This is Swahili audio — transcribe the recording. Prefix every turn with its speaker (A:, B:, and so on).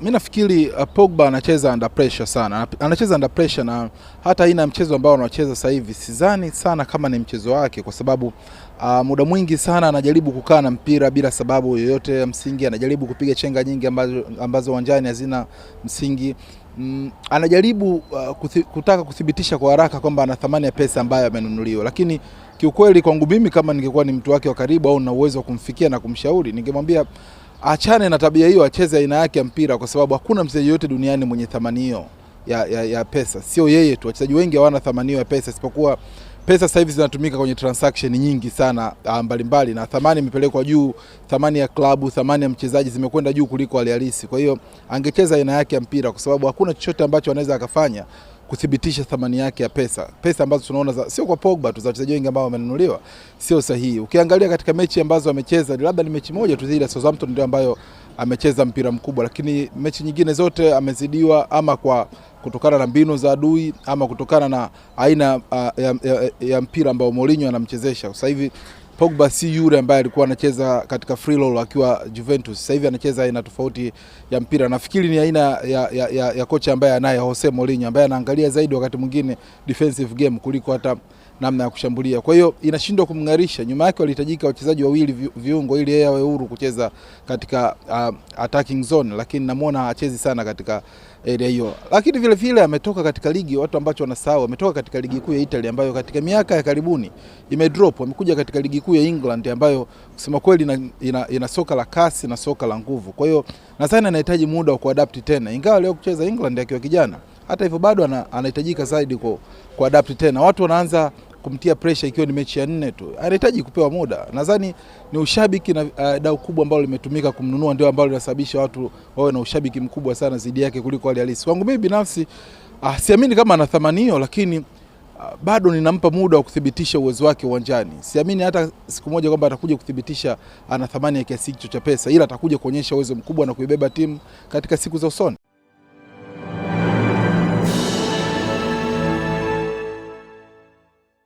A: Mi nafikiri uh, Pogba anacheza under pressure sana, anacheza under pressure na hata aina ya mchezo ambao anacheza sasa hivi sidhani sana kama ni mchezo wake, kwa sababu uh, muda mwingi sana anajaribu kukaa na mpira bila sababu yoyote ya msingi, anajaribu kupiga chenga nyingi ambazo, ambazo uwanjani hazina msingi. Mm, anajaribu uh, kuthi, kutaka kuthibitisha kwa haraka kwamba ana thamani ya pesa ambayo amenunuliwa, lakini kiukweli kwangu mimi kama ningekuwa ni mtu wake wa karibu au na uwezo wa kumfikia na kumshauri, ningemwambia achane na tabia hiyo, acheze aina yake ya mpira, kwa sababu hakuna mchezaji yote duniani mwenye thamani hiyo ya, ya, ya pesa. Sio yeye tu, wachezaji wengi hawana thamani hiyo ya pesa, isipokuwa pesa sasa hivi zinatumika kwenye transaction nyingi sana ah, mbalimbali mbali, na thamani imepelekwa juu, thamani ya klabu, thamani ya mchezaji zimekwenda juu kuliko hali halisi. Kwa hiyo angecheza aina yake ya mpira, kwa sababu hakuna chochote ambacho anaweza akafanya kuthibitisha thamani yake ya pesa. Pesa ambazo tunaona sio kwa Pogba tu, za wachezaji wengi ambao wamenunuliwa sio sahihi. Ukiangalia katika mechi ambazo amecheza, labda ni mechi moja tu dhidi ya Southampton ndio ambayo amecheza mpira mkubwa, lakini mechi nyingine zote amezidiwa ama kwa kutokana na mbinu za adui ama kutokana na aina uh, ya, ya, ya mpira ambao Mourinho anamchezesha sasa hivi. Pogba si yule ambaye alikuwa anacheza katika free roll akiwa Juventus. Sasa hivi anacheza aina tofauti ya mpira. Nafikiri ni aina ya, ya, ya, ya kocha ambaye anaye Jose Mourinho ambaye anaangalia zaidi wakati mwingine defensive game kuliko hata namna ya kushambulia, kwa hiyo inashindwa kumng'arisha. Nyuma yake walihitajika wachezaji wawili viungo, ili yeye awe huru kucheza katika uh, attacking zone, lakini namuona hachezi sana katika area hiyo. Lakini vile vile ametoka katika ligi, watu ambacho wanasahau, ametoka katika ligi kuu ya Italy ambayo katika miaka ya karibuni imedrop. Amekuja katika ligi kuu ya England ambayo kusema kweli ina, ina, ina soka la kasi na soka la nguvu, kwa hiyo nadhani anahitaji muda wa kuadapt tena, ingawa leo kucheza England akiwa kijana, hata hivyo bado anahitajika zaidi kuadapti tena. Watu wanaanza kumtia presha ikiwa ni mechi ya nne tu, anahitaji kupewa muda. Nadhani ni ushabiki na uh, dau kubwa ambalo limetumika kumnunua ndio ambalo linasababisha watu wawe na ushabiki mkubwa sana zidi yake kuliko hali halisi. Kwangu mimi binafsi uh, siamini kama ana thamani hiyo, lakini uh, bado ninampa muda wa kuthibitisha uwezo wake uwanjani. Siamini hata siku moja kwamba atakuja kuthibitisha ana thamani ya kiasi hicho cha pesa, ila atakuja kuonyesha uwezo mkubwa na kuibeba timu katika siku za usoni.